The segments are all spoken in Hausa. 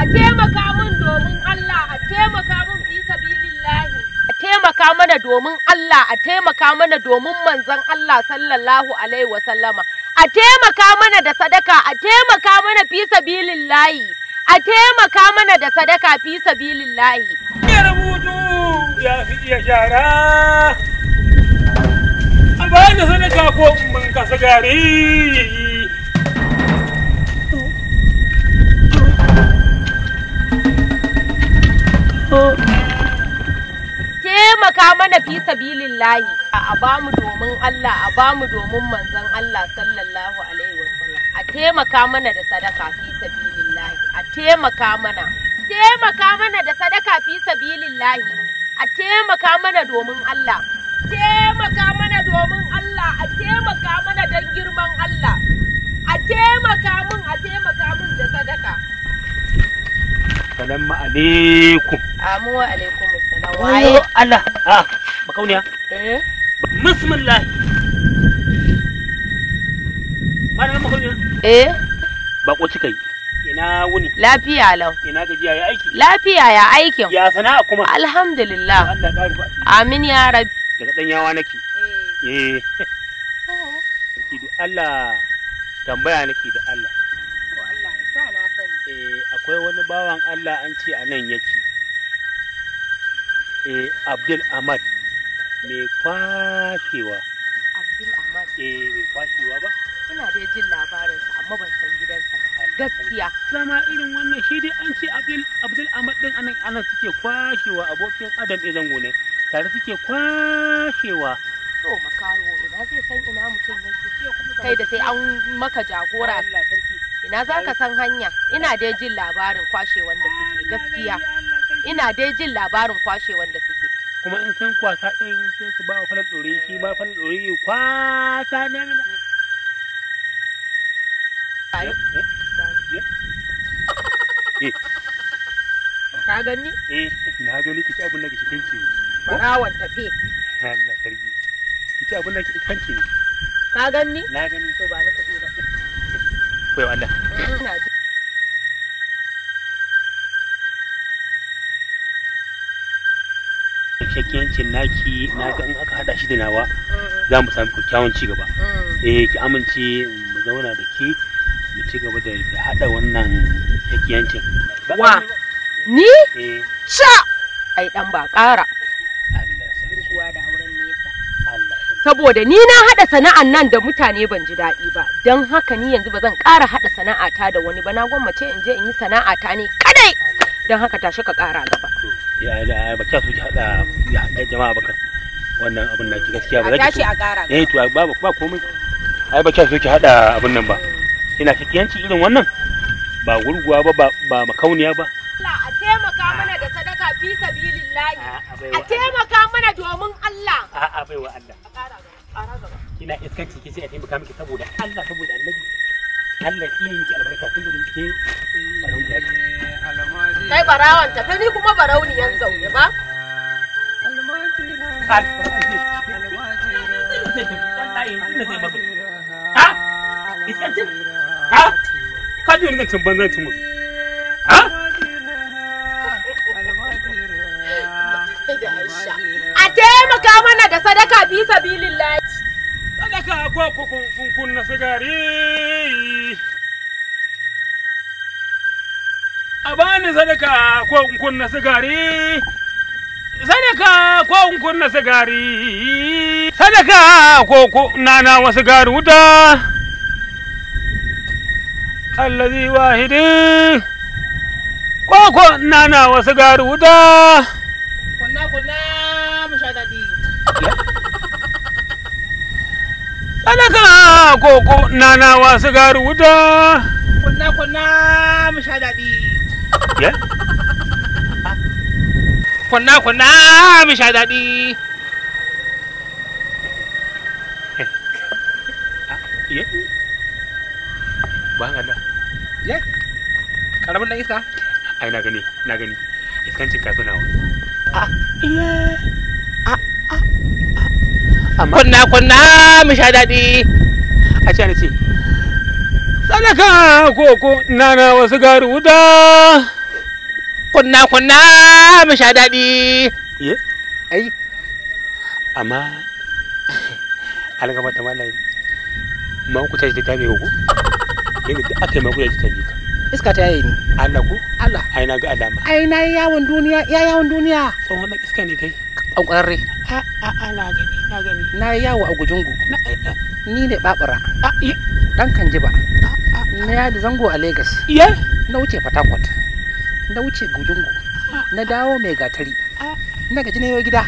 a taimaka min domin Allah a taimaka min fi sabilillahi a taimaka mana domin Allah a taimaka mana domin manzon Allah sallallahu alaihi wasallama a taimaka mana da sadaka a taimaka mana fi sabilillahi a taimaka mana da sadaka fi sabilillahi ya rubutu ya fi iya shara a da sadaka ko in mun kasa gari fi fi layi a bamu domin Allah a bamu domin manzon Allah sallallahu alaihi wasallam a taimaka mana da sadaka fi layi a taimaka mana taimaka mana da sadaka fi layi a taimaka mana domin Allah taimaka mana domin Allah a taimaka mana don girman Allah a taimaka min a taimaka min da sadaka salamu alaikum amu alaikum salam waye Allah ah. makauniya eh bismillah bana makauniya eh bako cika yi ina wuni lafiya lau ina gajiya ya aiki lafiya ya aiki. ya sana'a kuma alhamdulillah amin ya rabbi daga dan yawa nake eh, eh. da Allah tambaya nake da Allah eh, akwai wani bawan Allah an ce anan nan yake eh Abdul Ahmad mai kwashewa abdul ahmad eh mai kwashewa ba ina dai jin labarinsa amma ban san gidansa ba gaskiya Sama irin wannan shi dai an ce abdul abdul ahmad din anan anan suke kwashewa abokin adam ya zango ne tare suke kwashewa to makaro ina zai san ina mutum yake kai da sai an maka jagora ina za ka san hanya ina dai jin labarin kwashewan da suke gaskiya ina dai jin labarin kwashewan da suke kuma in san kwasa ɗin sai su ba wa falon ɗori shi ba falon ɗori yi kwasa na mina. Ka gani? Eh, na gani kiki abin da kike kanki ne. Barawan tafe. Allah sarki. Kiki abin da kike kanki ne. Ka gani? Na gani. To ba ni kuɗi ba. Bai Allah. shakkiyancin naki na ga in aka hada shi da nawa mm. za mu samu kyakkyawan ci gaba mm. eh ki amince mu zauna da ke mu ci gaba da hada wannan shakkiyancin wa ni eh. cha ai dan ba kara saboda ni na hada sana'an nan da mutane ban ji daɗi ba don haka ni yanzu ba zan ƙara sana'a ta da wani ba na gwammace in je in yi sana'a ta ne kadai don haka tashi ka ƙara gaba ya da ba kya su hada ya jama'a ba wannan abin na ki gaskiya ba za ki tashi a gara eh to ba ba komai ai ba kya suke hada abin nan ba ina shakiyanci irin wannan ba gurguwa ba ba makauniya ba Allah a taimaka mana da sadaka fi sabilillahi a taimaka mana domin Allah a'a baiwa Allah a ƙara gaba kina iskanci kici a taimaka miki saboda Allah saboda Annabi Allah iya yi albarka ce. Kai barawan ni kuma barauniyan zaune ba? Ha? Ha? Ka ji Ha? A taimaka mana da sadaka bisa bilin baku kun kunna sigari a bani sadaka ko in kunna sigari sadaka ko in kunna sigari sadaka ko nana wasu gari wuta allazi wahidin ko ko nana wasu gari wuta kunna kunna ko ko nana wasu garu wuta kunna kunna mu sha ya kunna kunna mu sha daɗi ba ga da ya karamin dan iska ai na gani na gani iskancin kafinawa Ah, iya ya? kunna kunna mu sha daɗi a ce ce sadaka koko nana wasu garu wuta kunna kunna mu sha daɗi ai amma an gaba ta malayi ma ku tashi ta tabe ku yadda duk aka yi ma ku tashi ta ka iska ta yayi ne Allah ku Allah ai na ga alama ai na yawon duniya ya yawon duniya tsohon iska ne kai kwararre. a a na gani na gani na yawo a gujungu eh, eh. ni ne babura dan kan ba na yadda zango a Legas. na wuce Fatakwat na wuce gujungu na dawo mai gatari na gaji na gida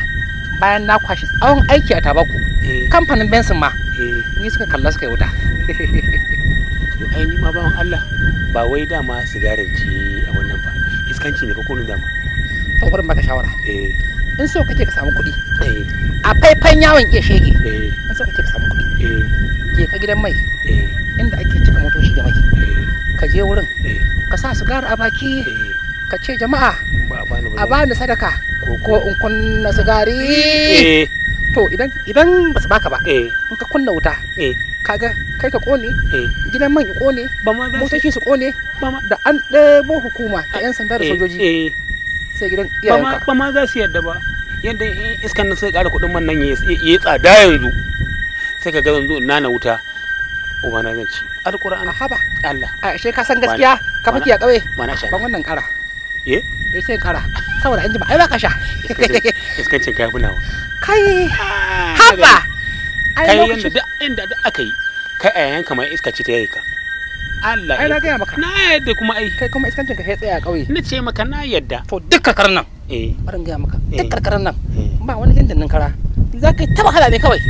bayan na kwashi tsawon aiki a tabaku eh. kamfanin bensin ma ni suka kalla suka yi wuta ai ni ma bawan Allah ba wai dama sigarin ce a wannan ba iskanci ne ko kullun dama to gurin baka shawara eh. in so kake ka samu kuɗi eh. a faifan yawon iya shege eh. in so kake ka samu kuɗi ke ka gidan mai inda ake cika motoci da mai ka je wurin ka sa gara a baki ka ce jama'a a bani sadaka ko in kunna sigari to idan ba su baka ba in ka kunna wuta kaga kai ka kone gidan man ya kone motoci su kone da an ɗebo hukuma da 'yan ah, sanda da sojoji sai gidan iyayenka ba ma za su yadda ba yadda iskan nan sai ƙara kuɗin man nan ya yi tsada yanzu sai ka ga yanzu na wuta uba na zan ci alƙur'an haba Allah a she ka san gaskiya ka fake a ƙauye ban wannan ƙara eh eh sai ƙara saboda an ji ba ai ba ka sha iskancin kai funawa ah, kai haba kai yanda duk inda duk aka yi kai a yayan kamar iska ce ta yayi ka Allah ai na gaya maka na yadda kuma ai kai kuma iskancin ka sai tsaya a ƙauye na ce maka na yadda to duk karkaran nan eh barin gaya maka duk eh. karkaran nan eh. ba wani lindin nan kara za ka yi ne kawai